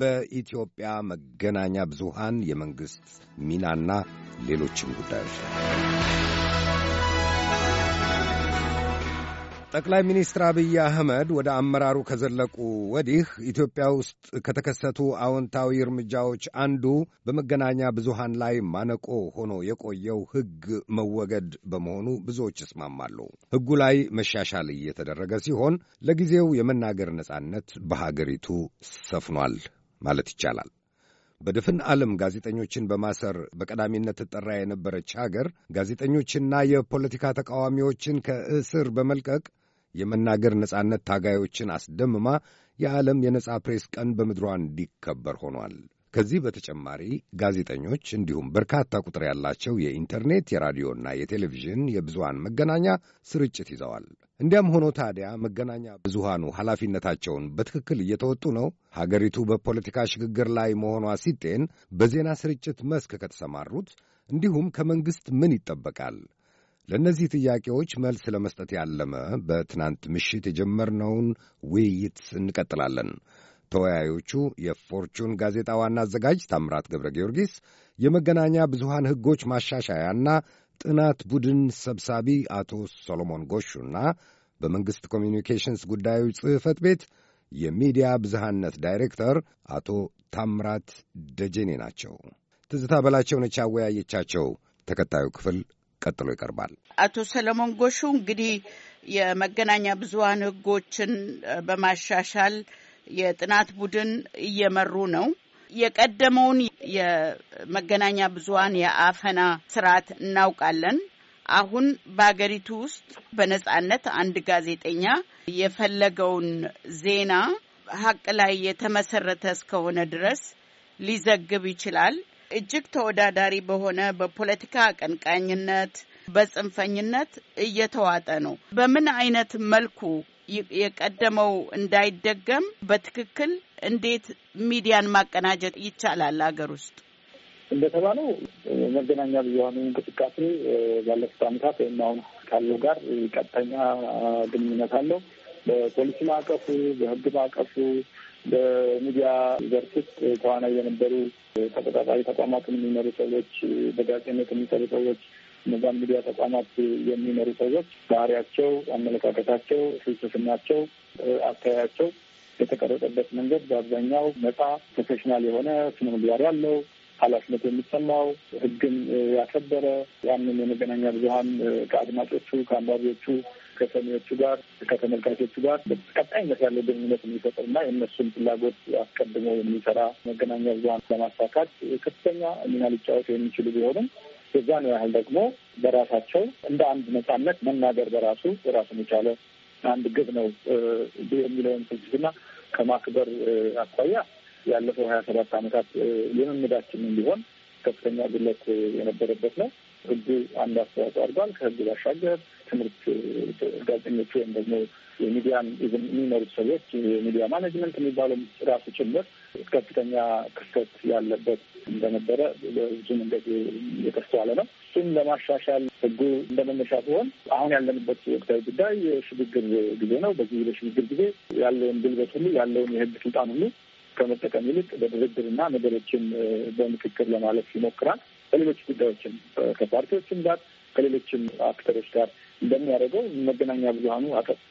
በኢትዮጵያ መገናኛ ብዙሃን የመንግሥት ሚናና ሌሎችም ጉዳዮች ጠቅላይ ሚኒስትር አብይ አህመድ ወደ አመራሩ ከዘለቁ ወዲህ ኢትዮጵያ ውስጥ ከተከሰቱ አዎንታዊ እርምጃዎች አንዱ በመገናኛ ብዙሃን ላይ ማነቆ ሆኖ የቆየው ሕግ መወገድ በመሆኑ ብዙዎች ይስማማሉ። ሕጉ ላይ መሻሻል እየተደረገ ሲሆን ለጊዜው የመናገር ነጻነት በሀገሪቱ ሰፍኗል። ማለት ይቻላል። በድፍን ዓለም ጋዜጠኞችን በማሰር በቀዳሚነት ትጠራ የነበረች ሀገር ጋዜጠኞችና የፖለቲካ ተቃዋሚዎችን ከእስር በመልቀቅ የመናገር ነጻነት ታጋዮችን አስደምማ የዓለም የነጻ ፕሬስ ቀን በምድሯ እንዲከበር ሆኗል። ከዚህ በተጨማሪ ጋዜጠኞች እንዲሁም በርካታ ቁጥር ያላቸው የኢንተርኔት የራዲዮና የቴሌቪዥን የብዙሃን መገናኛ ስርጭት ይዘዋል። እንዲያም ሆኖ ታዲያ መገናኛ ብዙሃኑ ኃላፊነታቸውን በትክክል እየተወጡ ነው? ሀገሪቱ በፖለቲካ ሽግግር ላይ መሆኗ ሲጤን በዜና ስርጭት መስክ ከተሰማሩት እንዲሁም ከመንግሥት ምን ይጠበቃል? ለእነዚህ ጥያቄዎች መልስ ለመስጠት ያለመ በትናንት ምሽት የጀመርነውን ውይይት እንቀጥላለን። ተወያዮቹ የፎርቹን ጋዜጣ ዋና አዘጋጅ ታምራት ገብረ ጊዮርጊስ፣ የመገናኛ ብዙሃን ሕጎች ማሻሻያና ጥናት ቡድን ሰብሳቢ አቶ ሰሎሞን ጎሹና በመንግሥት ኮሚኒኬሽንስ ጉዳዮች ጽሕፈት ቤት የሚዲያ ብዝሃነት ዳይሬክተር አቶ ታምራት ደጀኔ ናቸው። ትዝታ በላቸው ነች ያወያየቻቸው። ተከታዩ ክፍል ቀጥሎ ይቀርባል። አቶ ሰለሞን ጎሹ እንግዲህ የመገናኛ ብዙሃን ሕጎችን በማሻሻል የጥናት ቡድን እየመሩ ነው። የቀደመውን የመገናኛ ብዙሀን የአፈና ስርዓት እናውቃለን። አሁን በሀገሪቱ ውስጥ በነጻነት አንድ ጋዜጠኛ የፈለገውን ዜና ሀቅ ላይ የተመሰረተ እስከሆነ ድረስ ሊዘግብ ይችላል። እጅግ ተወዳዳሪ በሆነ በፖለቲካ አቀንቃኝነት፣ በጽንፈኝነት እየተዋጠ ነው። በምን አይነት መልኩ የቀደመው እንዳይደገም በትክክል እንዴት ሚዲያን ማቀናጀት ይቻላል አገር ውስጥ? እንደተባለው መገናኛ ብዙሀኑ እንቅስቃሴ ባለፉት አመታት ወይም አሁን ካለው ጋር ቀጥተኛ ግንኙነት አለው። በፖሊሲ ማዕቀፉ፣ በህግ ማዕቀፉ፣ በሚዲያ ዘርፍ ውስጥ ተዋናይ የነበሩ ተቆጣጣሪ ተቋማትን የሚመሩ ሰዎች፣ በጋዜጠኝነት የሚሰሩ ሰዎች፣ እነዛን ሚዲያ ተቋማት የሚመሩ ሰዎች ባህሪያቸው፣ አመለካከታቸው፣ ፍልስፍናቸው፣ አስተያያቸው የተቀረጸበት መንገድ በአብዛኛው ነጻ ፕሮፌሽናል የሆነ ስነ ምግባር ያለው ኃላፊነት የሚሰማው ህግን ያከበረ ያንን የመገናኛ ብዙሀን ከአድማጮቹ፣ ከአንባቢዎቹ፣ ከሰሚዎቹ ጋር ከተመልካቾቹ ጋር ቀጣይነት ያለው ግንኙነት የሚፈጥር እና የእነሱን ፍላጎት አስቀድሞ የሚሰራ መገናኛ ብዙሀን ለማሳካት ከፍተኛ ሚና ሊጫወቱ የሚችሉ ቢሆንም የዛን ያህል ደግሞ በራሳቸው እንደ አንድ ነጻነት መናገር በራሱ ራሱን የቻለ አንድ ግብ ነው የሚለውን ፍልስፍና ከማክበር አኳያ ያለፈው ሀያ ሰባት ዓመታት ልምምዳችንም ቢሆን ከፍተኛ ግለት የነበረበት ነው። ህጉ አንድ አስተዋጽኦ አድርጓል። ከህግ ባሻገር ትምህርት ጋዜጠኞቹ ወይም ደግሞ የሚዲያን የሚመሩት ሰዎች የሚዲያ ማኔጅመንት የሚባለው ራሱ ጭምር ከፍተኛ ክፍተት ያለበት እንደነበረ በብዙ መንገድ የተስተዋለ ነው። እሱን ለማሻሻል ህጉ እንደመነሻ ሲሆን አሁን ያለንበት ወቅታዊ ጉዳይ የሽግግር ጊዜ ነው። በዚህ በሽግግር ጊዜ ያለውን ጉልበት ሁሉ ያለውን የህግ ስልጣን ሁሉ ከመጠቀም ይልቅ በድርድርና ነገሮችን በምክክር ለማለፍ ይሞክራል። ከሌሎች ጉዳዮችም ከፓርቲዎችም ጋር ከሌሎችም አክተሮች ጋር እንደሚያደርገው መገናኛ ብዙሀኑ አቀፍ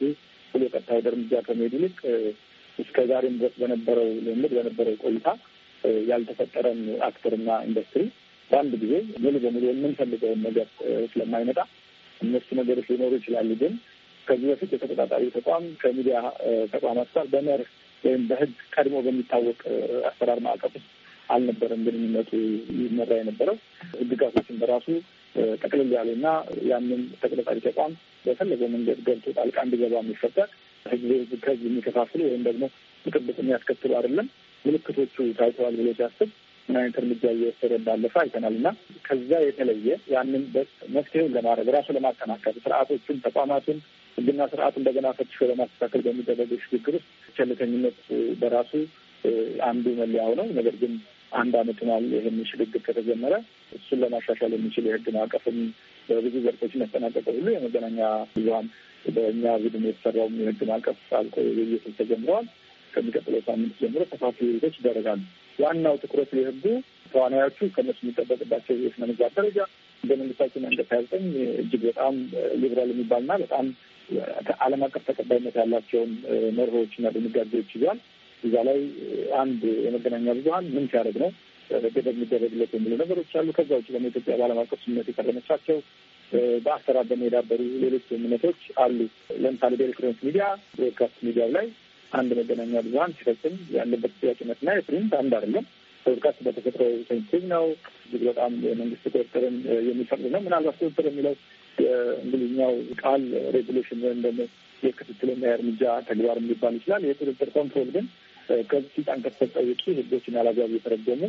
ብሎ ቀጥታ እርምጃ ከመሄድ ይልቅ እስከ ዛሬም ድረስ በነበረው ልምድ በነበረው ቆይታ ያልተፈጠረን አክተርና ኢንዱስትሪ በአንድ ጊዜ ሙሉ በሙሉ የምንፈልገውን ነገር ስለማይመጣ እነሱ ነገሮች ሊኖሩ ይችላሉ። ግን ከዚህ በፊት የተቆጣጣሪ ተቋም ከሚዲያ ተቋማት ጋር በመርህ ወይም በህግ ቀድሞ በሚታወቅ አሰራር ማዕቀፍ ውስጥ አልነበረም ግንኙነቱ ይመራ የነበረው። ሕግጋቶችን በራሱ ጠቅልል ያሉና ያንን ተቆጣጣሪ ተቋም በፈለገው መንገድ ገብቶ ጣልቃ እንዲገባ የሚፈጠር ህዝብ ከህዝብ የሚከፋፍሉ ወይም ደግሞ ብጥብጥ የሚያስከትሉ አይደለም። ምልክቶቹ ታይተዋል ብሎ ሲያስብ ምን አይነት እርምጃ እየወሰደ እንዳለፈ አይተናል እና ከዛ የተለየ ያንን መፍትሄውን ለማድረግ ራሱ ለማጠናከር ስርዓቶቹን፣ ተቋማቱን ህግና ስርዓት እንደገና ፈትሾ ለማስተካከል በሚደረገው ሽግግር ውስጥ ቸልተኝነት በራሱ አንዱ መለያው ነው። ነገር ግን አንድ አመት ሆኗል ይህን ሽግግር ከተጀመረ። እሱን ለማሻሻል የሚችል የህግ ማዕቀፍም በብዙ ዘርፎች መጠናቀቀ ሁሉ የመገናኛ ብዙሀን በእኛ ቡድን የተሰራውም የህግ ማዕቀፍ አልቆ ውይይቶች ተጀምረዋል። ከሚቀጥለው ሳምንት ጀምሮ ሰፋፊ ውይይቶች ይደረጋሉ። ዋናው ትኩረት የህጉ ተዋናዮቹ ከነሱ የሚጠበቅባቸው የስነ ምግባር ደረጃ እንደ መንግስታችን አንቀጽ ሃያ ዘጠኝ እጅግ በጣም ሊብራል የሚባልና በጣም ዓለም አቀፍ ተቀባይነት ያላቸውን መርሆዎችና ድንጋጌዎች ይዟል። እዛ ላይ አንድ የመገናኛ ብዙሀን ምን ሲያደርግ ነው ገደብ የሚደረግለት የሚሉ ነገሮች አሉ። ከዛ ውጭ ደግሞ ኢትዮጵያ በዓለም አቀፍ ስምምነት የፈረመቻቸው በአሰራር ደግሞ የዳበሩ ሌሎች ስምምነቶች አሉ። ለምሳሌ በኤሌክትሮኒክስ ሚዲያ ብሮድካስት ሚዲያው ላይ አንድ መገናኛ ብዙሀን ሲፈጽም ያለበት ጥያቄነትና የፕሪንት አንድ አይደለም። ፖድካስት በተፈጥሮ ሴንሲቲቭ ነው። እጅግ በጣም የመንግስት ቁጥጥርን የሚፈቅድ ነው። ምናልባት ቁጥጥር የሚለው የእንግሊዝኛው ቃል ሬጉሌሽን ወይም ደግሞ የክትትልና የእርምጃ ተግባር ሊባል ይችላል። የቁጥጥር ኮንትሮል ግን ከዚህ ስልጣን ከተሰጠ ውጪ ህጎችን አላግባብ የተረጎሙ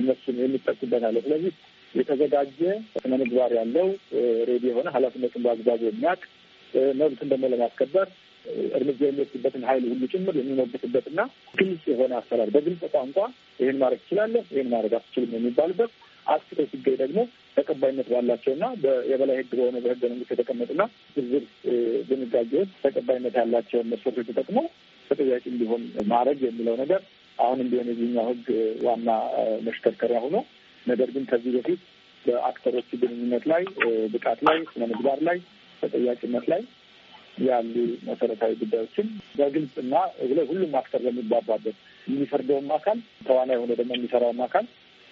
እነሱን የሚጠቁበት አለ። ስለዚህ የተዘጋጀ ስነ ምግባር ያለው ሬዲ የሆነ ኃላፊነቱን በአግባቡ የሚያውቅ መብትን ደግሞ ለማስከበር እርምጃ የሚወስድበትን ሀይል ሁሉ ጭምር የሚሞግትበትና ግልጽ የሆነ አሰራር በግልጽ ቋንቋ ይህን ማድረግ ትችላለህ፣ ይህን ማድረግ አትችልም የሚባልበት አስቶ ሲገኝ ደግሞ ተቀባይነት ባላቸውና የበላይ ህግ በሆነ በህገ መንግስት የተቀመጡና ዝርዝር ድንጋጌዎች ተቀባይነት ያላቸውን መስፈርቶች ተጠቅመው ተጠያቂ እንዲሆን ማድረግ የሚለው ነገር አሁንም ቢሆን የዚህኛው ህግ ዋና መሽከርከሪያ ሆኖ ነገር ግን ከዚህ በፊት በአክተሮች ግንኙነት ላይ ብቃት ላይ ስነ ምግባር ላይ ተጠያቂነት ላይ ያሉ መሰረታዊ ጉዳዮችን በግልጽ እና እግለ ሁሉም አክተር በሚግባባበት የሚፈርደውም አካል ተዋናይ የሆነ ደግሞ የሚሰራውም አካል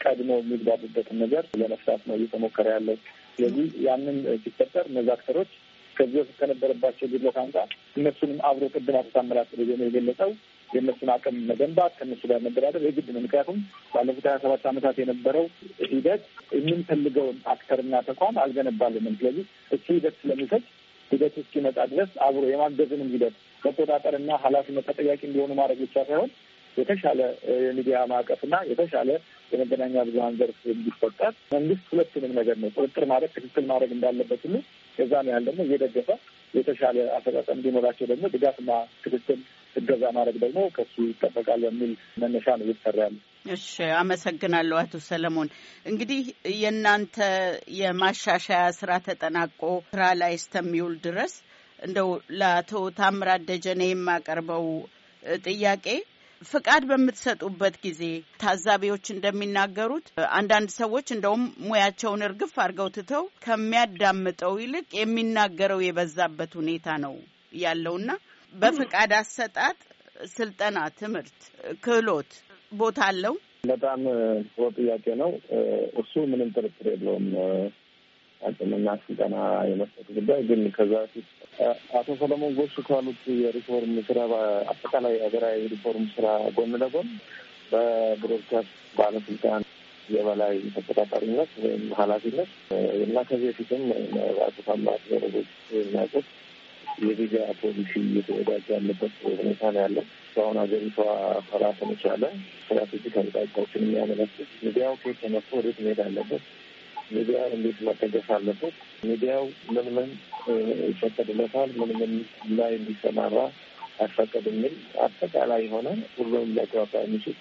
ቀድሞ የሚግባቡበትን ነገር ለመፍታት ነው እየተሞከረ ያለው። ስለዚህ ያንን ሲፈጠር እነዚ አክተሮች ከዚህ በፊት ከነበረባቸው ጉድለት አንጻር እነሱንም አብሮ ቅድም አቶ ታመላጥ የገለጸው የእነሱን አቅም መገንባት ከእነሱ ጋር መደራደር የግድ ነው። ምክንያቱም ባለፉት ሀያ ሰባት ዓመታት የነበረው ሂደት የምንፈልገውን አክተርና ተቋም አልገነባልንም። ስለዚህ እሱ ሂደት ስለሚፈጅ ሂደት እስኪመጣ ድረስ አብሮ የማገዝንም ሂደት መቆጣጠርና ኃላፊነት ተጠያቂ እንዲሆኑ ማድረግ ብቻ ሳይሆን የተሻለ የሚዲያ ማዕቀፍና የተሻለ የመገናኛ ብዙሀን ዘርፍ እንዲፈጠር መንግስት ሁለቱንም ነገር ነው ቁጥጥር ማድረግ ክትትል ማድረግ እንዳለበት ሁሉ ከዛም ያህል ደግሞ እየደገፈ የተሻለ አፈጻጸም እንዲኖራቸው ደግሞ ድጋፍና ክትትል እገዛ ማድረግ ደግሞ ከሱ ይጠበቃል በሚል መነሻ ነው እየተሰራ ያለ። እሺ አመሰግናለሁ አቶ ሰለሞን። እንግዲህ የእናንተ የማሻሻያ ስራ ተጠናቆ ስራ ላይ እስከሚውል ድረስ እንደው ለአቶ ታምራት ደጀኔ የማቀርበው ጥያቄ ፍቃድ በምትሰጡበት ጊዜ ታዛቢዎች እንደሚናገሩት አንዳንድ ሰዎች እንደውም ሙያቸውን እርግፍ አድርገው ትተው ከሚያዳምጠው ይልቅ የሚናገረው የበዛበት ሁኔታ ነው ያለውና በፍቃድ አሰጣጥ ስልጠና፣ ትምህርት፣ ክህሎት ቦታ አለው? በጣም ጥሩ ጥያቄ ነው። እሱ ምንም ጥርጥር የለውም። አቅምና ስልጠና የመስጠት ጉዳይ ግን ከዛ ፊት አቶ ሰለሞን ጎሽ ካሉት የሪፎርም ስራ አጠቃላይ ሀገራዊ ሪፎርም ስራ ጎን ለጎን በብሮድካስት ባለስልጣን የበላይ ተቆጣጣሪነት ወይም ኃላፊነት እና ከዚህ ፊትም አቶ ሳማት ዘረጎች የሚያውቁት የዜጋ ፖሊሲ እየተወዳጅ ያለበት ሁኔታ ነው ያለው። አሁን ሀገሪቷ ራሱን የቻለ ስትራቴጂክ አቅጣጫዎችን የሚያመለክት ሚዲያው ከየት ተነስቶ ወዴት መሄድ አለበት፣ ሚዲያ እንዴት መደገፍ አለበት፣ ሚዲያው ምን ምን ይፈቀድለታል፣ ምን ምን ላይ እንዲሰማራ አይፈቀድ የሚል አጠቃላይ የሆነ ሁሉም ሊያግባባ የሚችል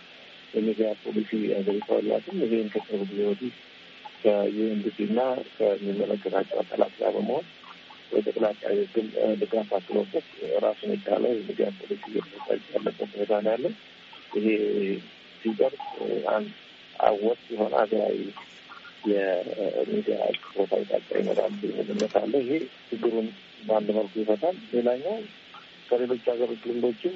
የሚዲያ ፖሊሲ ሀገሪቷ ያላትም ይሄን ከቅርብ ጊዜ ወዲህ ከዩኤንዲፒ እና ከሚመለከታቸው አካላት ጋር በመሆን ወደ ተቀላቃይ ግን ድጋፍ አክሎበት ራሱን የቻለ ድጋፍ ፖሊሲ እየተሰጠ ያለበት ሁኔታ ነው ያለን። ይሄ ሲደርስ አንድ አወት የሆነ ሀገራዊ የሚዲያ ቦታ የታጫ ይመጣል የሚልነት አለ። ይሄ ችግሩን በአንድ መልኩ ይፈታል። ሌላኛው ከሌሎች ሀገሮች ልምዶችም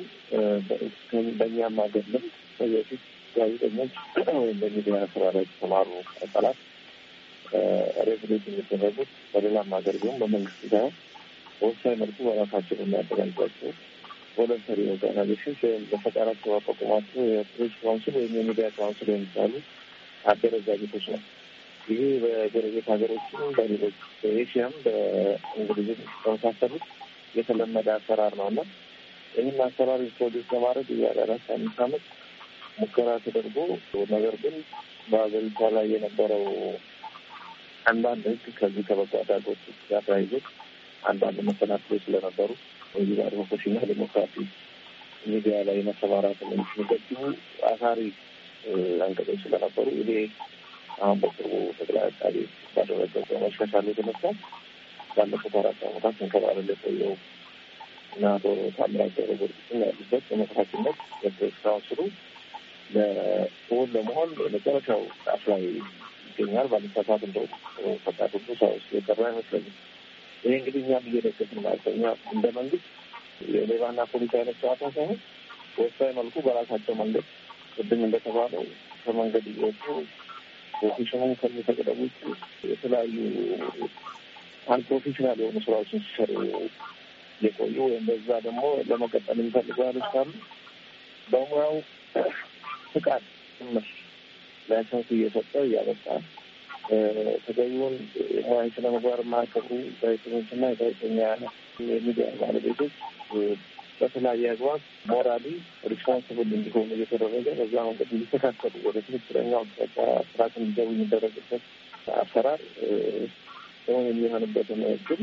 በእኛም ሀገር ልምድ በየፊት ጋዜጠኞች ወይም በሚዲያ ስራ ላይ የተሰማሩ አካላት ሬጉሌት የሚደረጉት በሌላም ሀገር ቢሆን በመንግስት ሳይሆን በወሳኝ መልኩ በራሳቸው የሚያደረጓቸው ቮለንተሪ ኦርጋናይዜሽን ወይም በፈጣራት አቋቁሟቸው የፕሬስ ካውንስል ወይም የሚዲያ ካውንስል የሚባሉ አደረጃጀቶች ነው። ይህ በጎረቤት ሀገሮችም በሌሎች በኤሽያም በእንግሊዝ በመሳሰሉት የተለመደ አሰራር ነው እና ይህን አሰራር ኢንትሮዲስ ለማድረግ እያለ አራት አምስት አመት ሙከራ ተደርጎ ነገር ግን በሀገሪቷ ላይ የነበረው አንዳንድ ህግ ከዚህ ከበጎ አዳጎች ጋር ተያይዞ አንዳንድ መሰናክሎች ስለነበሩ በዚህ ጋር ፕሮፌሽናል ዴሞክራሲ ሚዲያ ላይ መሰማራት የሚገቡ አሳሪ አንቀጾች ስለነበሩ ይሄ አሁን በቅርቡ ጠቅላይ አቃቤ ባደረገው በመሻሻል የተነሳ ባለፉት አራት ዓመታት እንከባለል የቆየው እና አቶ ታምራት ገብረጊዮርጊስን ያሉበት በመስራችነት ስራውን ካውንስሉ ለውን ለመሆን መጨረሻው ጫፍ ላይ ይገኛል ባለሰፋት እንደው ፈቃድ ሁሉ ሳይወስድ የቀረ አይመስለኝም። ይሄ እንግዲህ እኛ እየደገፍን ማለት እኛ እንደ መንግስት የሌባና ፖሊስ አይነት ጨዋታ ሳይሆን ወሳኝ መልኩ በራሳቸው መንገድ ቅድም እንደተባለው ከመንገድ እየወጡ ፕሮፌሽኑን ከሚፈቅደው ውጭ የተለያዩ አንፕሮፌሽናል የሆኑ ስራዎችን ሲሰሩ የቆዩ ወይም በዛ ደግሞ ለመቀጠል የሚፈልጉ ያሉ ካሉ በሙያው ፍቃድ ጭምር ላይሰንስ እየሰጠ እያበቃ ተገቢውን ሙያዊ ስነ ምግባር የማያከብሩ ጋዜጠኞችና የጋዜጠኛ የሚዲያ ባለቤቶች በተለያየ አግባብ ሞራሊ ሪስፖንስብል እንዲሆኑ እየተደረገ በዛ መንገድ እንዲስተካከሉ ወደ ትክክለኛው አቅጣጫ ስርዓት እንዲገቡ የሚደረግበት አሰራር ሆን የሚሆንበትን እድል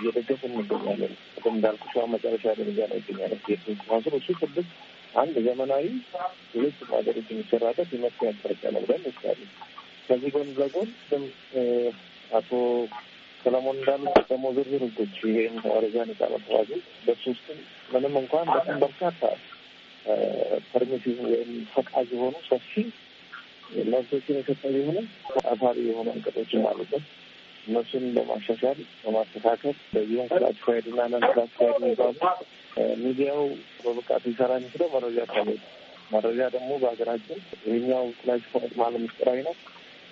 እየደገፍን እንገኛለን። ቅድም እንዳልኩሽ መጨረሻ ደረጃ ላይ ይገኛለን። ሱ ስድስት አንድ ዘመናዊ፣ ሁለት ሀገሮች የሚሰራበት የመፍትሄ አቅጣጫ ነው ብለን እንወስዳለን። ከዚህ ጎን ለጎን አቶ ሰለሞን እንዳሉት ደግሞ ዝርዝር ህጎች ይህም መረጃ ነጻ መተዋዙ በሱ ውስጥም ምንም እንኳን በጣም በርካታ ፐርሚቲቭ ወይም ፈቃድ የሆኑ ሰፊ መብቶችን የሰጠ ቢሆንም አሳሪ የሆኑ አንቀጾችም አሉበት። እነሱን በማሻሻል በማስተካከል በዚሁም ክላሲፋይድ እና ነን ክላሲፋይድ ሚባሉ ሚዲያው በብቃት ሊሰራ የሚችለው መረጃ ካለ መረጃ ደግሞ በሀገራችን ይህኛው ክላሲፋይድ ማለት ምስጢራዊ ነው፣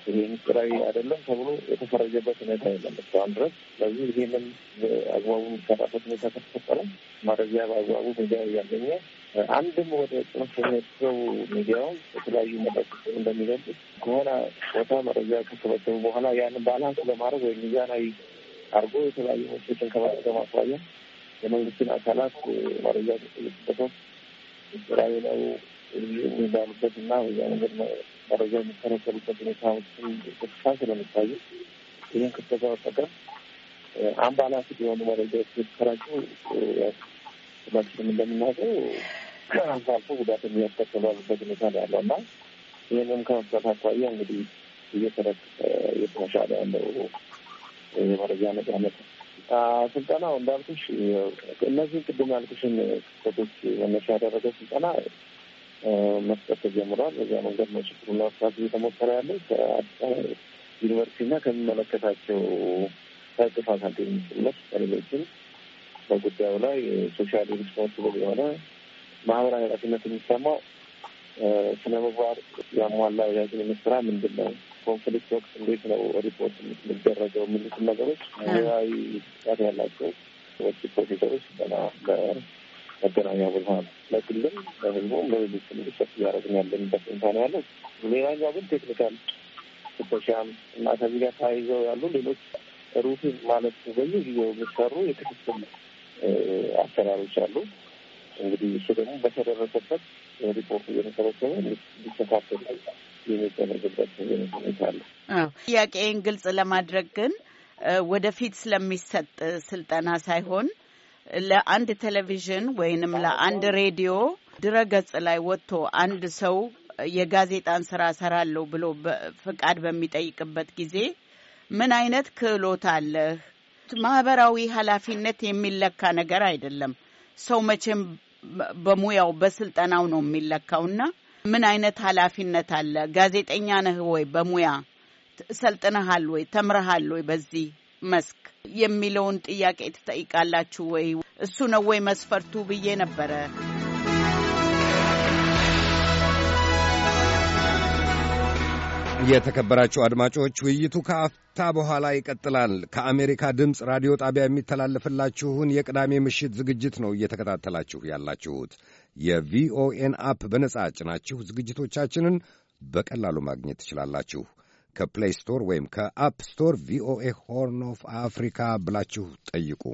ይሄ ምስጢራዊ አይደለም ተብሎ የተፈረጀበት ሁኔታ የለም እስካሁን ድረስ። ስለዚህ ይህንን አግባቡ የሚሰራበት ሁኔታ ከተፈጠረ መረጃ በአግባቡ ሚዲያ እያገኘ አንድም ወደ ጽንፍ የሚሄድ ሰው የተለያዩ መጠቅስ እንደሚገልጽ ከሆነ ቦታ መረጃ ከሰበሰቡ በኋላ ያን ባላንስ ለማድረግ ወይም ሚዛናዊ አድርጎ የተለያዩ መቼትን ከማድረግ ማስዋያ የመንግስትን አካላት መረጃ ተሰበሰው ምስራዊ ነው የሚባሉበት እና በዚያ ነገር መረጃ የሚከረከሩበት ሁኔታዎችን ክፍታ ስለሚታዩ ይህን ክፍተት በመጠቀም አምባላንስ የሆኑ መረጃዎች የተሰራጩ ሁላችንም እንደምናውቀው አልፎ አልፎ ጉዳት የሚያስከትሉበት ሁኔታ ነው ያለው እና ይህንም ከመፍታት አኳያ እንግዲህ እየተረግ የተሻለ ያለው የመረጃ ነጻነት ስልጠናው እንዳልኩሽ እነዚህ ቅድም ያልኩሽን ክስተቶች መነሻ ያደረገ ስልጠና መስጠት ተጀምሯል። በዚያ መንገድ ነው ችግሩን ለመፍታት እየተሞከረ ያለው ከአዲስ አበባ ዩኒቨርሲቲና ከሚመለከታቸው ሳይጥፋት አንተ የሚችለት ከሌሎችም በጉዳዩ ላይ ሶሻሊ ሪስፖንስብል የሆነ ማህበራዊ ኃላፊነት የሚሰማው ስነ ምግባር ያሟላ የዳኝነት ስራ ምንድን ነው? ኮንፍሊክት ወቅት እንዴት ነው ሪፖርት የሚደረገው? የሚሉት ነገሮች ብሔራዊ ጥቃት ያላቸው ወጭ ፕሮፌሰሮች ገና መገናኛ ብዙኃን ለግልም ለህዝቡም ለሌሎች ሚሰት እያደረግን ያለንበት ሁኔታ ነው ያለው። ሌላኛው ግን ቴክኒካል ስቶሻም እና ከዚህ ጋር ተያይዘው ያሉ ሌሎች ሩቲን ማለት ጊዜው የሚሰሩ የክትትል አሰራሮች አሉ። እንግዲህ እሱ ደግሞ በተደረሰበት ሪፖርት እየተሰበሰበ ሊከፋፈል የሚደረግበት ሁኔታ አለ። ጥያቄን ግልጽ ለማድረግ ግን ወደፊት ስለሚሰጥ ስልጠና ሳይሆን ለአንድ ቴሌቪዥን ወይንም ለአንድ ሬዲዮ ድረገጽ ላይ ወጥቶ አንድ ሰው የጋዜጣን ስራ ሰራለሁ ብሎ ፍቃድ በሚጠይቅበት ጊዜ ምን አይነት ክህሎት አለህ? ማህበራዊ ኃላፊነት የሚለካ ነገር አይደለም። ሰው መቼም በሙያው በስልጠናው ነው የሚለካውና ምን አይነት ኃላፊነት አለ? ጋዜጠኛ ነህ ወይ በሙያ ሰልጥነሃል ወይ ተምረሃል ወይ በዚህ መስክ የሚለውን ጥያቄ ትጠይቃላችሁ ወይ? እሱ ነው ወይ መስፈርቱ ብዬ ነበረ። የተከበራችሁ አድማጮች ውይይቱ ከአፍታ በኋላ ይቀጥላል። ከአሜሪካ ድምፅ ራዲዮ ጣቢያ የሚተላለፍላችሁን የቅዳሜ ምሽት ዝግጅት ነው እየተከታተላችሁ ያላችሁት። የቪኦኤን አፕ በነጻ ጭናችሁ ዝግጅቶቻችንን በቀላሉ ማግኘት ትችላላችሁ። ከፕሌይ ስቶር ወይም ከአፕ ስቶር ቪኦኤ ሆርን ኦፍ አፍሪካ ብላችሁ ጠይቁ።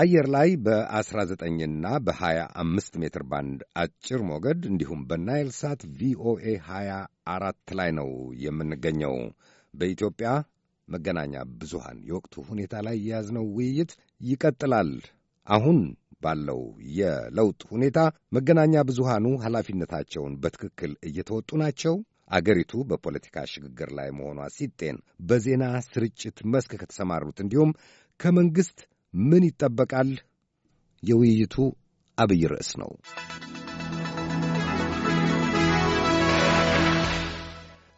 አየር ላይ በ19ና በ25 ሜትር ባንድ አጭር ሞገድ እንዲሁም በናይል ሳት ቪኦኤ 24 ላይ ነው የምንገኘው። በኢትዮጵያ መገናኛ ብዙሃን የወቅቱ ሁኔታ ላይ የያዝነው ውይይት ይቀጥላል። አሁን ባለው የለውጥ ሁኔታ መገናኛ ብዙሃኑ ኃላፊነታቸውን በትክክል እየተወጡ ናቸው? አገሪቱ በፖለቲካ ሽግግር ላይ መሆኗ ሲጤን በዜና ስርጭት መስክ ከተሰማሩት እንዲሁም ከመንግሥት ምን ይጠበቃል? የውይይቱ አብይ ርዕስ ነው።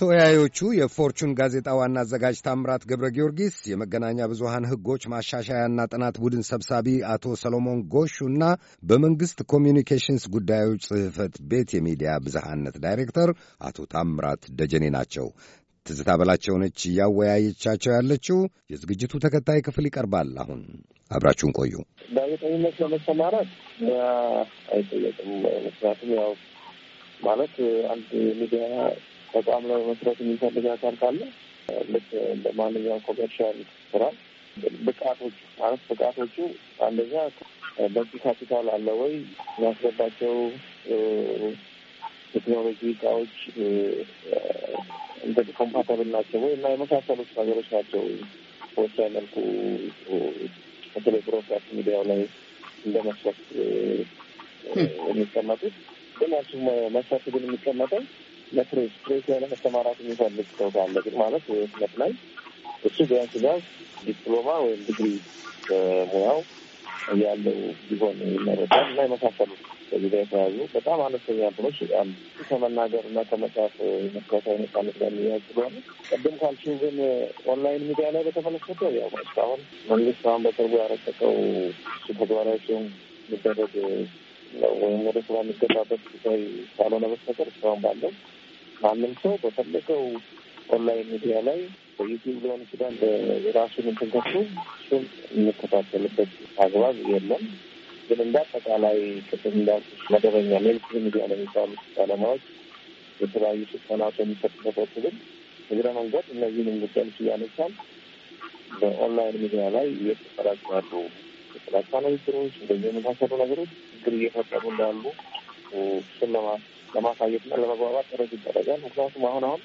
ተወያዮቹ የፎርቹን ጋዜጣ ዋና አዘጋጅ ታምራት ገብረ ጊዮርጊስ፣ የመገናኛ ብዙሃን ሕጎች ማሻሻያና ጥናት ቡድን ሰብሳቢ አቶ ሰሎሞን እና በመንግሥት ኮሚዩኒኬሽንስ ጉዳዮች ጽሕፈት ቤት የሚዲያ ብዝሃነት ዳይሬክተር አቶ ታምራት ደጀኔ ናቸው። ትዝታ በላቸው ነች እያወያየቻቸው ያለችው። የዝግጅቱ ተከታይ ክፍል ይቀርባል። አሁን አብራችሁን ቆዩ። ጋዜጠኝነት ለመሰማራት አይጠየቅም። ምክንያቱም ያው ማለት አንድ ሚዲያ ተቋም ለመመስረት የሚፈልግ አካል ካለ ልክ እንደ ማንኛውም ኮመርሻል ስራ ብቃቶቹ ማለት ብቃቶቹ አንደኛ በዚህ ካፒታል አለ ወይ የሚያስገባቸው ቴክኖሎጂ እቃዎች እንደዚህ ኮምፓተብል ናቸው ወይ እና የመሳሰሉት ነገሮች ናቸው። በወሳኝ መልኩ በተለይ ብሮድካስት ሚዲያው ላይ እንደ መስፈርት የሚቀመጡት ግን ያሱ መስፈርት ግን የሚቀመጠው ለፕሬስ ፕሬስ ላይ ለመሰማራት የሚፈልግ ሰው ካለ ግን ማለት ወይ ህትመት ላይ እሱ ቢያንስ ቢያንስ ዲፕሎማ ወይም ዲግሪ ሙያው ያለው ቢሆን ይመረጣል እና የመሳሰሉ በዚህ ጋር የተያዙ በጣም አነስተኛ እንትኖች በጣም ከመናገር እና ከመጻፍ መከታዊ ነጻነት ጋር የሚያዝ ስለሆነ ቅድም ካልሽው ግን ኦንላይን ሚዲያ ላይ በተመለከተ ያው እስካሁን መንግስት አሁን በቅርቡ ያረቀቀው ተግባራዊ ሲሆን የሚደረግ ወይም ወደ ስራ የሚገባበት ጉዳይ ካልሆነ በስተቀር እስካሁን ባለው ማንም ሰው በፈለገው ኦንላይን ሚዲያ ላይ ኮሚቴ ሊሆን ይችላል የራሱን ንክንከቱ እሱን የሚከታተልበት አግባብ የለም። ግን እንደ አጠቃላይ ቅድም እንዳልኩሽ መደበኛ ሜልክ ሚዲያ ለሚባሉ ባለሙያዎች የተለያዩ ስልጠናዎች የሚሰጥበት ክብል እግረ መንገድ እነዚህንም ጉዳዮች እያነሳል በኦንላይን ሚዲያ ላይ እየተሰራጩ ያሉ ጥላቻ ንግግሮች እንደዚህ የመሳሰሉ ነገሮች ችግር እየፈጠሩ እንዳሉ እሱን ለማሳየትና ለመግባባት ጥረት ይደረጋል። ምክንያቱም አሁን አሁን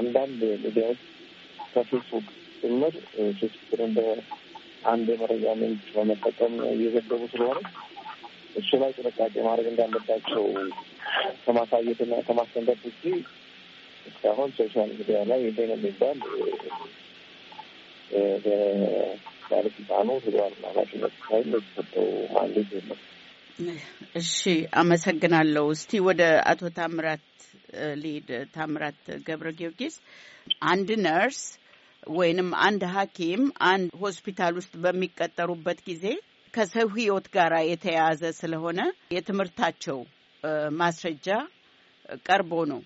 አንዳንድ ሚዲያዎች ከፌስቡክ ጭምር ፌስቡክን እንደ አንድ የመረጃ ምንጭ በመጠቀም እየዘገቡ ስለሆነ እሱ ላይ ጥንቃቄ ማድረግ እንዳለባቸው ከማሳየትና ከማስጠንቀቅ ውጪ እስካሁን ሶሻል ሚዲያ ላይ ይሄ ነው የሚባል ባለስልጣኑ ተግባር ኃላፊነት ላይ የተሰጠው ማንዴት የለም። እሺ አመሰግናለሁ። እስቲ ወደ አቶ ታምራት ሊድ ታምራት ገብረ ጊዮርጊስ አንድ ነርስ ወይንም አንድ ሐኪም አንድ ሆስፒታል ውስጥ በሚቀጠሩበት ጊዜ ከሰው ሕይወት ጋር የተያያዘ ስለሆነ የትምህርታቸው ማስረጃ ቀርቦ ነው።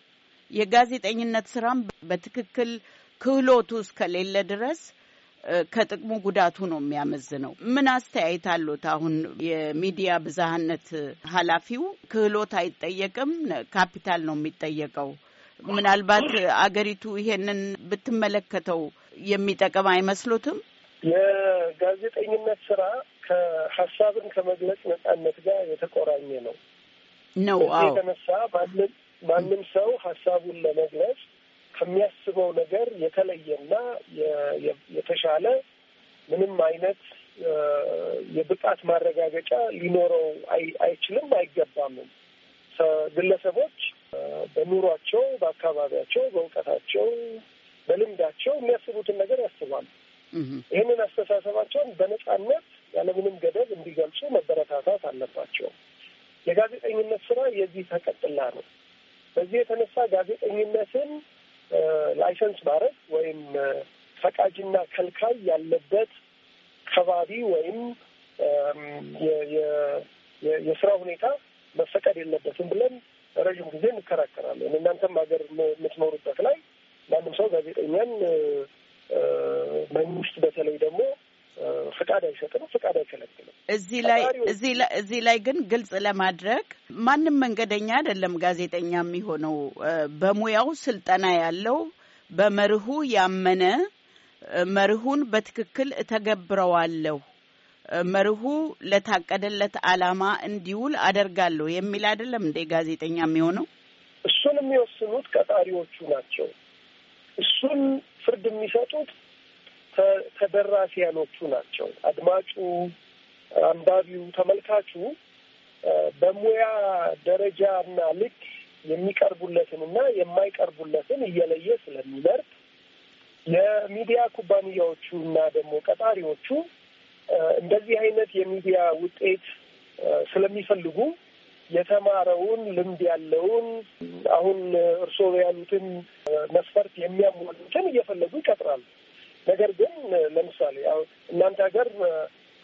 የጋዜጠኝነት ስራም በትክክል ክህሎቱ እስከሌለ ድረስ ከጥቅሙ ጉዳቱ ነው የሚያመዝነው። ምን አስተያየት አሉት? አሁን የሚዲያ ብዝሃነት ኃላፊው ክህሎት አይጠየቅም፣ ካፒታል ነው የሚጠየቀው። ምናልባት አገሪቱ ይሄንን ብትመለከተው የሚጠቅም አይመስሉትም? የጋዜጠኝነት ስራ ከሀሳብን ከመግለጽ ነጻነት ጋር የተቆራኘ ነው ነው። አዎ የተነሳ ማንም ማንም ሰው ሀሳቡን ለመግለጽ ከሚያስበው ነገር የተለየና የተሻለ ምንም አይነት የብቃት ማረጋገጫ ሊኖረው አይችልም አይገባምም። ግለሰቦች በኑሯቸው፣ በአካባቢያቸው፣ በእውቀታቸው በልምዳቸው የሚያስቡትን ነገር ያስባሉ። ይህንን አስተሳሰባቸውን በነጻነት ያለምንም ገደብ እንዲገልጹ መበረታታት አለባቸው። የጋዜጠኝነት ስራ የዚህ ተቀጥላ ነው። በዚህ የተነሳ ጋዜጠኝነትን ላይሰንስ ማድረግ ወይም ፈቃጅና ከልካይ ያለበት ከባቢ ወይም የስራ ሁኔታ መፈቀድ የለበትም ብለን ረዥም ጊዜ እንከራከራለን። እናንተም ሀገር የምትኖሩበት ላይ ማንም ሰው ጋዜጠኛን መንግስት በተለይ ደግሞ ፍቃድ አይሰጥም፣ ፍቃድ አይከለክልም። እዚህ ላይ እዚህ ላይ ግን ግልጽ ለማድረግ ማንም መንገደኛ አይደለም ጋዜጠኛ የሚሆነው በሙያው ስልጠና ያለው በመርሁ ያመነ መርሁን በትክክል እተገብረዋለሁ፣ መርሁ ለታቀደለት ዓላማ እንዲውል አደርጋለሁ የሚል አይደለም እንዴ ጋዜጠኛ የሚሆነው። እሱን የሚወስኑት ቀጣሪዎቹ ናቸው። እሱን ፍርድ የሚሰጡት ተደራሲያኖቹ ናቸው። አድማጩ፣ አንባቢው፣ ተመልካቹ በሙያ ደረጃና ልክ እና የማይቀርቡለትን እየለየ ስለሚመርጥ የሚዲያ ኩባንያዎቹ እና ደግሞ ቀጣሪዎቹ እንደዚህ አይነት የሚዲያ ውጤት ስለሚፈልጉ የተማረውን ልምድ ያለውን አሁን እርስዎ ያሉትን መስፈርት የሚያሟሉትን እየፈለጉ ይቀጥራሉ። ነገር ግን ለምሳሌ እናንተ ሀገር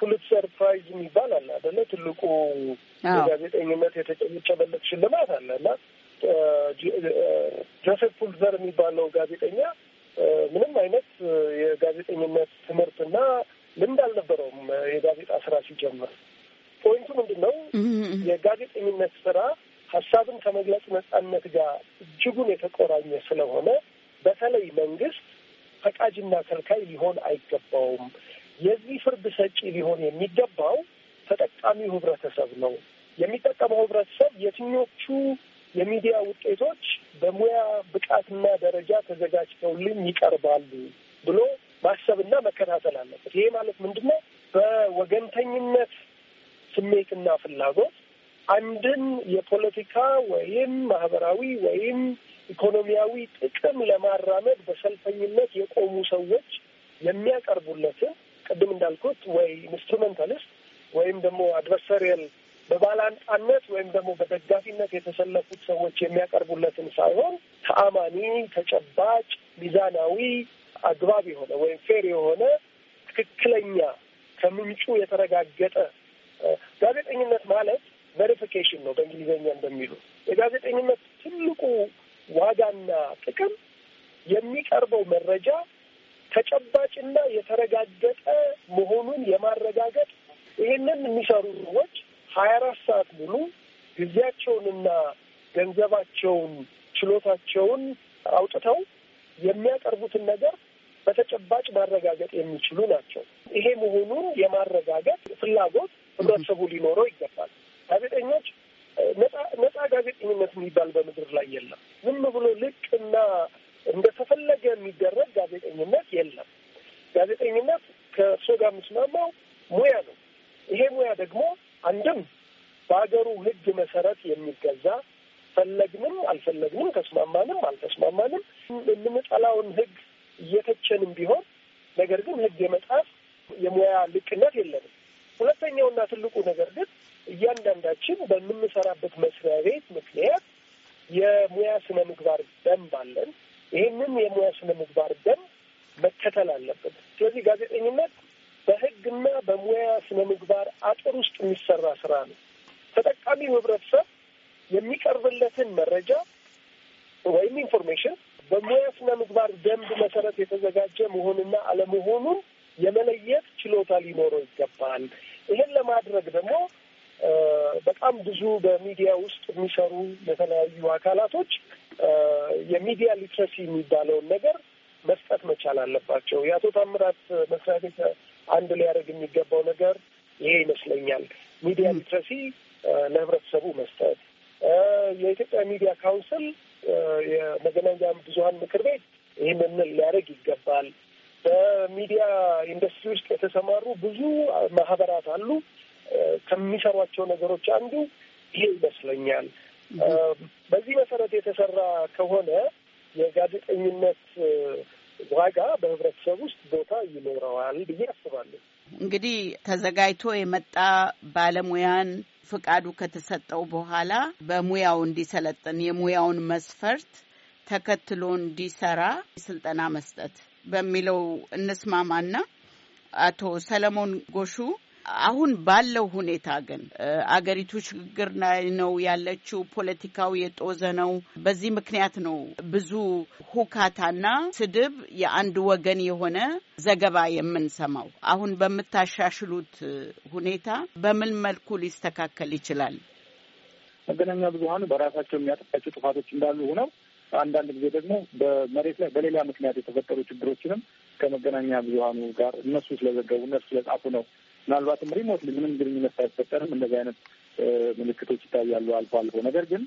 ፑሊትሰር ፕራይዝ የሚባል አለ አደለ? ትልቁ ጋዜጠኝነት የተጨበጨበለት ሽልማት አለ እና ጆሴፍ ፑልዘር የሚባለው ጋዜጠኛ ምንም አይነት የጋዜጠኝነት ትምህርትና ልምድ አልነበረውም የጋዜጣ ስራ ሲጀምር ፖይንቱ ምንድን ነው? የጋዜጠኝነት ስራ ሀሳብን ከመግለጽ ነጻነት ጋር እጅጉን የተቆራኘ ስለሆነ በተለይ መንግስት ፈቃጅና ከልካይ ሊሆን አይገባውም። የዚህ ፍርድ ሰጪ ሊሆን የሚገባው ተጠቃሚው ህብረተሰብ ነው። የሚጠቀመው ህብረተሰብ የትኞቹ የሚዲያ ውጤቶች በሙያ ብቃትና ደረጃ ተዘጋጅተውልኝ ይቀርባሉ ብሎ ማሰብና መከታተል አለበት። ይሄ ማለት ምንድነው? በወገንተኝነት ስሜትና ፍላጎት አንድን የፖለቲካ ወይም ማህበራዊ ወይም ኢኮኖሚያዊ ጥቅም ለማራመድ በሰልፈኝነት የቆሙ ሰዎች የሚያቀርቡለትን ቅድም እንዳልኩት ወይ ኢንስትሩሜንታሊስት ወይም ደግሞ አድቨርሰሪያል በባላንጣነት ወይም ደግሞ በደጋፊነት የተሰለፉት ሰዎች የሚያቀርቡለትን ሳይሆን ተአማኒ፣ ተጨባጭ፣ ሚዛናዊ፣ አግባብ የሆነ ወይም ፌር የሆነ ትክክለኛ ከምንጩ የተረጋገጠ ጋዜጠኝነት ማለት ቬሪፊኬሽን ነው በእንግሊዝኛ እንደሚሉ። የጋዜጠኝነት ትልቁ ዋጋና ጥቅም የሚቀርበው መረጃ ተጨባጭና የተረጋገጠ መሆኑን የማረጋገጥ ይህንን የሚሰሩ ሰዎች ሀያ አራት ሰዓት ሙሉ ጊዜያቸውንና ገንዘባቸውን ችሎታቸውን አውጥተው የሚያቀርቡትን ነገር በተጨባጭ ማረጋገጥ የሚችሉ ናቸው። ይሄ መሆኑን የማረጋገጥ ፍላጎት ህብረተሰቡ ሊኖረው ይገባል። ጋዜጠኞች ነጻ ጋዜጠኝነት የሚባል በምድር ላይ የለም። ዝም ብሎ ልቅ እና እንደተፈለገ የሚደረግ ጋዜጠኝነት የለም። ጋዜጠኝነት ከእሱ ጋር የምስማማው ሙያ ነው። ይሄ ሙያ ደግሞ አንድም በሀገሩ ህግ መሰረት የሚገዛ ፈለግንም አልፈለግንም ተስማማንም አልተስማማንም የምንጠላውን ህግ እየተቸንም ቢሆን ነገር ግን ህግ የመጻፍ የሙያ ልቅነት የለንም። ሁለተኛውና ትልቁ ነገር ግን እያንዳንዳችን በምንሰራበት መስሪያ ቤት ምክንያት የሙያ ስነ ምግባር ደንብ አለን። ይህንን የሙያ ስነ ምግባር ደንብ መከተል አለብን። ስለዚህ ጋዜጠኝነት በሕግና በሙያ ስነ ምግባር አጥር ውስጥ የሚሰራ ስራ ነው። ተጠቃሚው ህብረተሰብ የሚቀርብለትን መረጃ ወይም ኢንፎርሜሽን በሙያ ስነ ምግባር ደንብ መሰረት የተዘጋጀ መሆንና አለመሆኑን የመለየት ችሎታ ሊኖረው ይገባል። ይህን ለማድረግ ደግሞ በጣም ብዙ በሚዲያ ውስጥ የሚሰሩ የተለያዩ አካላቶች የሚዲያ ሊትረሲ የሚባለውን ነገር መስጠት መቻል አለባቸው። የአቶ ታምራት መስሪያ ቤት አንድ ሊያደርግ የሚገባው ነገር ይሄ ይመስለኛል። ሚዲያ ሊትረሲ ለህብረተሰቡ መስጠት፣ የኢትዮጵያ ሚዲያ ካውንስል የመገናኛ ብዙሀን ምክር ቤት ይህንን ሊያደርግ ይገባል። በሚዲያ ኢንዱስትሪ ውስጥ የተሰማሩ ብዙ ማህበራት አሉ። ከሚሰሯቸው ነገሮች አንዱ ይሄ ይመስለኛል። በዚህ መሰረት የተሰራ ከሆነ የጋዜጠኝነት ዋጋ በህብረተሰብ ውስጥ ቦታ ይኖረዋል ብዬ አስባለሁ። እንግዲህ ተዘጋጅቶ የመጣ ባለሙያን ፍቃዱ ከተሰጠው በኋላ በሙያው እንዲሰለጥን የሙያውን መስፈርት ተከትሎ እንዲሰራ ስልጠና መስጠት በሚለው እንስማማና አቶ ሰለሞን ጎሹ አሁን ባለው ሁኔታ ግን አገሪቱ ችግር ላይ ነው ያለችው። ፖለቲካው የጦዘ ነው። በዚህ ምክንያት ነው ብዙ ሁካታና ስድብ፣ የአንድ ወገን የሆነ ዘገባ የምንሰማው። አሁን በምታሻሽሉት ሁኔታ በምን መልኩ ሊስተካከል ይችላል? መገናኛ ብዙኃኑ በራሳቸው የሚያጠቃቸው ጥፋቶች እንዳሉ ሆነው አንዳንድ ጊዜ ደግሞ በመሬት ላይ በሌላ ምክንያት የተፈጠሩ ችግሮችንም ከመገናኛ ብዙሀኑ ጋር እነሱ ስለዘገቡ እነሱ ስለጻፉ ነው። ምናልባትም ሪሞት ምንም ግንኙነት ሳይፈጠርም እንደዚህ አይነት ምልክቶች ይታያሉ አልፎ አልፎ። ነገር ግን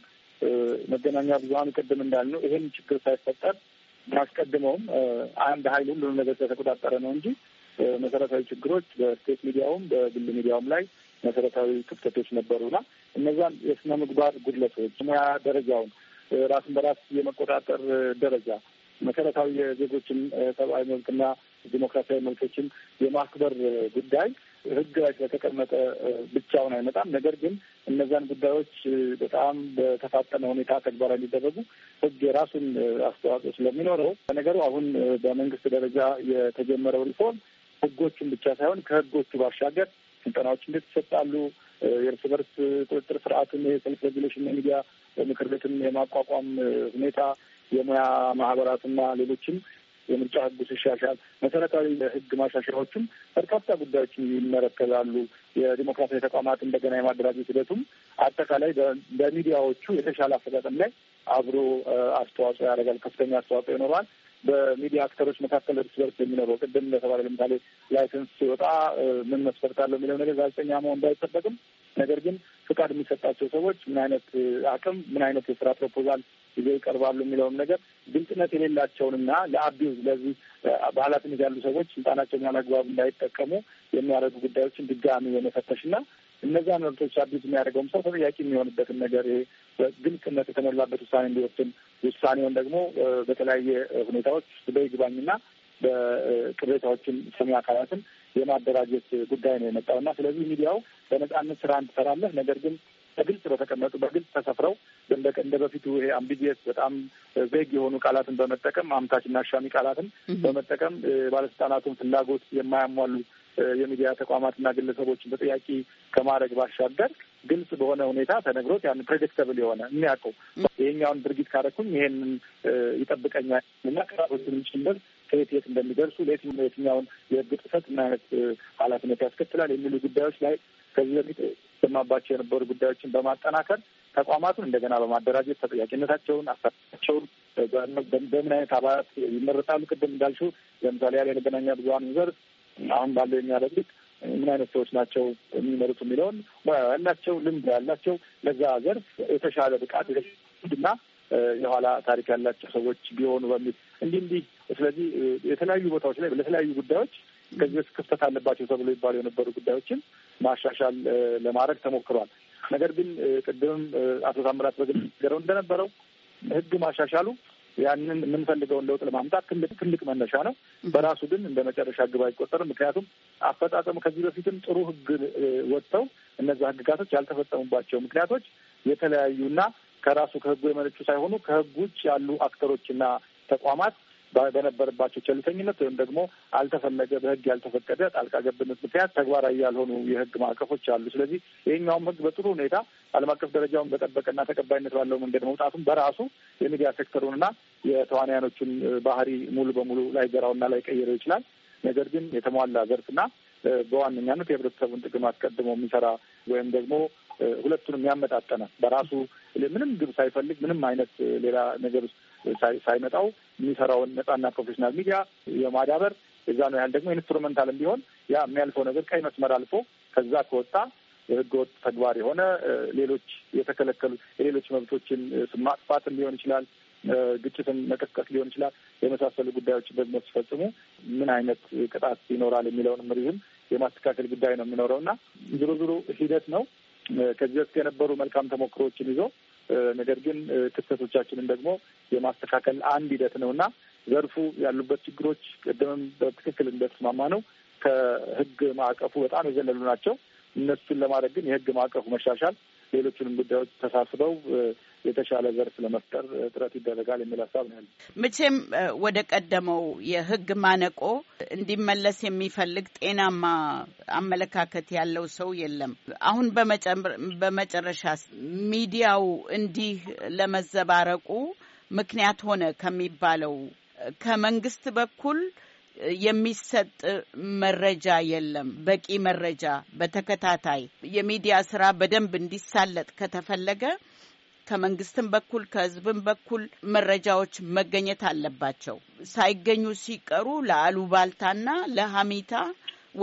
መገናኛ ብዙሀኑ ቅድም እንዳልነው ይህን ችግር ሳይፈጠር አስቀድመውም አንድ ሀይል ሁሉንም ነገር ስለተቆጣጠረ ነው እንጂ መሰረታዊ ችግሮች በስቴት ሚዲያውም በግል ሚዲያውም ላይ መሰረታዊ ክፍተቶች ነበሩና እነዛን የስነ ምግባር ጉድለቶች ሙያ ደረጃውን ራስን በራስ የመቆጣጠር ደረጃ መሰረታዊ የዜጎችን ሰብአዊ መብትና ዲሞክራሲያዊ መብቶችን የማክበር ጉዳይ ህግ ላይ ስለተቀመጠ ብቻውን አይመጣም። ነገር ግን እነዛን ጉዳዮች በጣም በተፋጠነ ሁኔታ ተግባራዊ እንዲደረጉ ህግ የራሱን አስተዋጽኦ ስለሚኖረው በነገሩ አሁን በመንግስት ደረጃ የተጀመረው ሪፎርም ህጎቹን ብቻ ሳይሆን ከህጎቹ ባሻገር ስልጠናዎች እንዴት ይሰጣሉ፣ የእርስ በርስ ቁጥጥር ስርዓቱን የሰልፍ ሬጉሌሽን የሚዲያ ምክር ቤትም የማቋቋም ሁኔታ የሙያ ማህበራትና ሌሎችም የምርጫ ህጉ ሲሻሻል መሰረታዊ ህግ ማሻሻያዎችም በርካታ ጉዳዮች ይመለከታሉ። የዲሞክራሲያዊ ተቋማት እንደገና የማደራጀት ሂደቱም አጠቃላይ በሚዲያዎቹ የተሻለ አፈጣጠም ላይ አብሮ አስተዋጽኦ ያደርጋል። ከፍተኛ አስተዋጽኦ ይኖረዋል። በሚዲያ አክተሮች መካከል እርስ በርስ የሚኖረው ቅድም እንደተባለ ለምሳሌ ላይሰንስ ሲወጣ ምን መስፈርት አለው የሚለው ነገር ጋዜጠኛ መሆን ባይጠበቅም ነገር ግን ፍቃድ የሚሰጣቸው ሰዎች ምን አይነት አቅም፣ ምን አይነት የስራ ፕሮፖዛል ይዘው ይቀርባሉ የሚለውም ነገር ግልጽነት የሌላቸውንና ለአቢዩዝ ለዚህ በኃላፊነት ያሉ ሰዎች ስልጣናቸውን ያላግባብ እንዳይጠቀሙ የሚያደርጉ ጉዳዮችን ድጋሚ የመፈተሽና እነዚያን መብቶች አቢዩዝ የሚያደርገውም ሰው ተጠያቂ የሚሆንበትን ነገር ይሄ በግልጽነት የተሞላበት ውሳኔ እንዲወስን ውሳኔውን ደግሞ በተለያየ ሁኔታዎች በይግባኝና በቅሬታዎችን ሰሚ አካላትን የማደራጀት ጉዳይ ነው የመጣው እና ስለዚህ ሚዲያው በነጻነት ስራ ትሰራለህ ነገር ግን በግልጽ በተቀመጡ በግልጽ ተሰፍረው እንደ በፊቱ ይሄ አምቢጊየስ በጣም ቬግ የሆኑ ቃላትን በመጠቀም አምታችና አሻሚ ቃላትን በመጠቀም ባለስልጣናቱን ፍላጎት የማያሟሉ የሚዲያ ተቋማትና ግለሰቦችን ተጠያቂ ከማድረግ ባሻገር ግልጽ በሆነ ሁኔታ ተነግሮት ያን ፕሬዲክተብል የሆነ የሚያውቀው ይሄኛውን ድርጊት ካደረኩኝ ይሄንን ይጠብቀኛል እና ከራሶችን ጭምር ከየት የት እንደሚደርሱ የትኛውን የህግ ጥሰት ምን አይነት ኃላፊነት ያስከትላል የሚሉ ጉዳዮች ላይ ከዚህ በፊት ሰማባቸው የነበሩ ጉዳዮችን በማጠናከር ተቋማቱን እንደገና በማደራጀት ተጠያቂነታቸውን፣ አሳቸውን በምን አይነት አባላት ይመረጣሉ። ቅድም እንዳልሹ ለምሳሌ ያለ የመገናኛ ብዙሀን ዩኒቨርስ አሁን ባለው የሚያደርጉት ምን አይነት ሰዎች ናቸው የሚመሩት የሚለውን ያላቸው ልምድ ያላቸው ለዛ ዘርፍ የተሻለ ብቃት እና የኋላ ታሪክ ያላቸው ሰዎች ቢሆኑ በሚል እንዲህ እንዲህ ስለዚህ የተለያዩ ቦታዎች ላይ ለተለያዩ ጉዳዮች ከዚህ በስ ክፍተት አለባቸው ተብሎ ይባሉ የነበሩ ጉዳዮችን ማሻሻል ለማድረግ ተሞክሯል። ነገር ግን ቅድምም አቶ ታምራት በግል ነገረው እንደነበረው ህግ ማሻሻሉ ያንን የምንፈልገውን ለውጥ ለማምጣት ትልቅ ትልቅ መነሻ ነው። በራሱ ግን እንደ መጨረሻ ግብ አይቆጠርም። ምክንያቱም አፈጻጸሙ ከዚህ በፊትም ጥሩ ህግ ወጥተው እነዛ ህግጋቶች ያልተፈጸሙባቸው ምክንያቶች የተለያዩና ከራሱ ከህጉ የመነጩ ሳይሆኑ ከህጉ ውጭ ያሉ አክተሮችና ተቋማት በነበረባቸው ቸልተኝነት ወይም ደግሞ አልተፈለገ በህግ ያልተፈቀደ ጣልቃ ገብነት ምክንያት ተግባራዊ ያልሆኑ የህግ ማዕቀፎች አሉ። ስለዚህ ይህኛውም ህግ በጥሩ ሁኔታ ዓለም አቀፍ ደረጃውን በጠበቀና ተቀባይነት ባለው መንገድ መውጣቱም በራሱ የሚዲያ ሴክተሩንና የተዋንያኖቹን ባህሪ ሙሉ በሙሉ ላይገራውና ላይቀይረው ይችላል። ነገር ግን የተሟላ ዘርፍና በዋነኛነት የህብረተሰቡን ጥቅም አስቀድሞ የሚሰራ ወይም ደግሞ ሁለቱንም ያመጣጠነ በራሱ ምንም ግብ ሳይፈልግ ምንም አይነት ሌላ ነገር ሳይመጣው የሚሰራውን ነጻና ፕሮፌሽናል ሚዲያ የማዳበር የዛ ነው ያህል ደግሞ ኢንስትሩመንታልም ቢሆን ያ የሚያልፈው ነገር ቀይ መስመር አልፎ ከዛ ከወጣ የህገ ወጥ ተግባር የሆነ ሌሎች የተከለከሉ የሌሎች መብቶችን ማጥፋትም ሊሆን ይችላል ግጭትን መቀስቀስ ሊሆን ይችላል። የመሳሰሉ ጉዳዮች ደግሞ ሲፈጽሙ ምን አይነት ቅጣት ይኖራል የሚለውን ምሪዝም የማስተካከል ጉዳይ ነው የሚኖረው እና ዞሮ ዞሮ ሂደት ነው። ከዚህ በፊት የነበሩ መልካም ተሞክሮዎችን ይዞ ነገር ግን ክፍተቶቻችንን ደግሞ የማስተካከል አንድ ሂደት ነው እና ዘርፉ ያሉበት ችግሮች ቅድምም በትክክል እንደተስማማ ነው ከህግ ማዕቀፉ በጣም የዘለሉ ናቸው። እነሱን ለማድረግ ግን የህግ ማዕቀፉ መሻሻል ሌሎቹንም ጉዳዮች ተሳስበው የተሻለ ዘርፍ ለመፍጠር ጥረት ይደረጋል የሚል ሀሳብ ነው ያለ። መቼም ወደ ቀደመው የህግ ማነቆ እንዲመለስ የሚፈልግ ጤናማ አመለካከት ያለው ሰው የለም። አሁን በመጨረሻ ሚዲያው እንዲህ ለመዘባረቁ ምክንያት ሆነ ከሚባለው ከመንግስት በኩል የሚሰጥ መረጃ የለም። በቂ መረጃ በተከታታይ የሚዲያ ስራ በደንብ እንዲሳለጥ ከተፈለገ ከመንግስትም በኩል ከህዝብም በኩል መረጃዎች መገኘት አለባቸው። ሳይገኙ ሲቀሩ ለአሉባልታና ለሀሚታ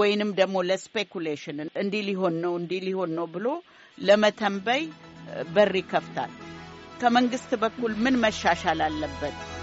ወይንም ደግሞ ለስፔኩሌሽን እንዲህ ሊሆን ነው እንዲህ ሊሆን ነው ብሎ ለመተንበይ በር ይከፍታል። ከመንግስት በኩል ምን መሻሻል አለበት?